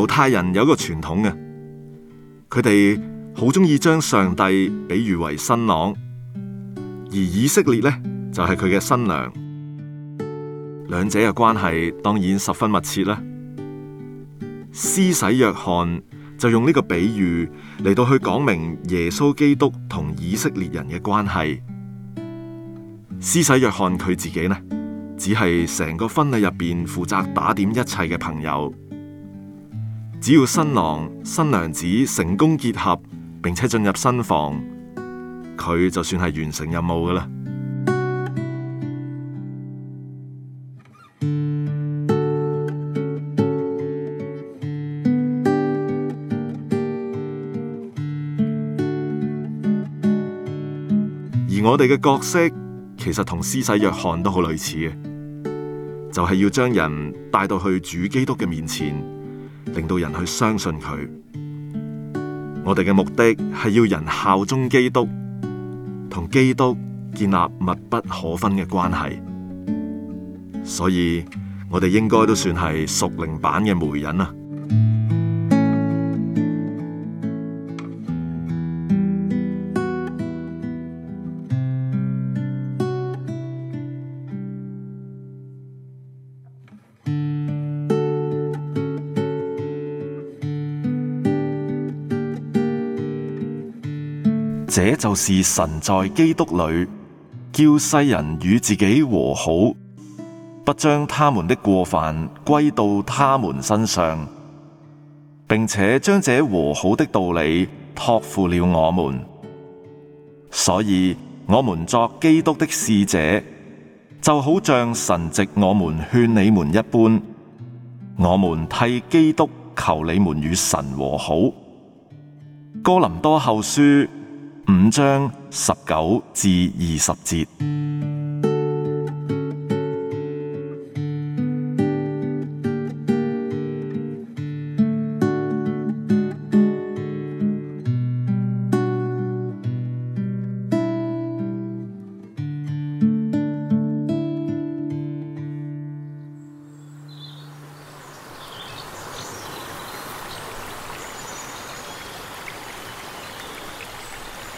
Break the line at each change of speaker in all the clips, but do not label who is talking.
猶太人有一個傳統嘅，佢哋好中意將上帝比喻為新郎，而以色列呢，就係佢嘅新娘，兩者嘅關係當然十分密切啦。施洗約翰就用呢個比喻嚟到去講明耶穌基督同以色列人嘅關係。施洗約翰佢自己呢，只係成個婚禮入邊負責打點一切嘅朋友。只要新郎新娘子成功結合，並且進入新房，佢就算係完成任務㗎喇。而我哋嘅角色其實同施洗約翰都好類似嘅，就係、是、要將人帶到去主基督嘅面前。令到人去相信佢，我哋嘅目的係要人效忠基督，同基督建立密不可分嘅關係。所以，我哋應該都算係屬靈版嘅媒人啊。這就是神在基督裏叫世人與自己和好，不將他們的過犯歸到他們身上，並且將這和好的道理託付了我們。所以，我們作基督的使者，就好像神藉我們勸你們一般，我們替基督求你們與神和好。哥林多後書。五章十九至二十節。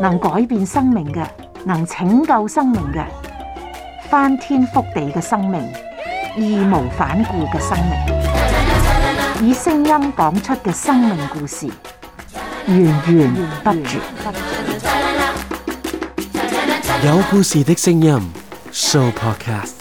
能改變生命嘅，能拯救生命嘅，翻天覆地嘅生命，義無反顧嘅生命，以聲音講出嘅生命故事，源源不絕。有故事的聲音，Show Podcast。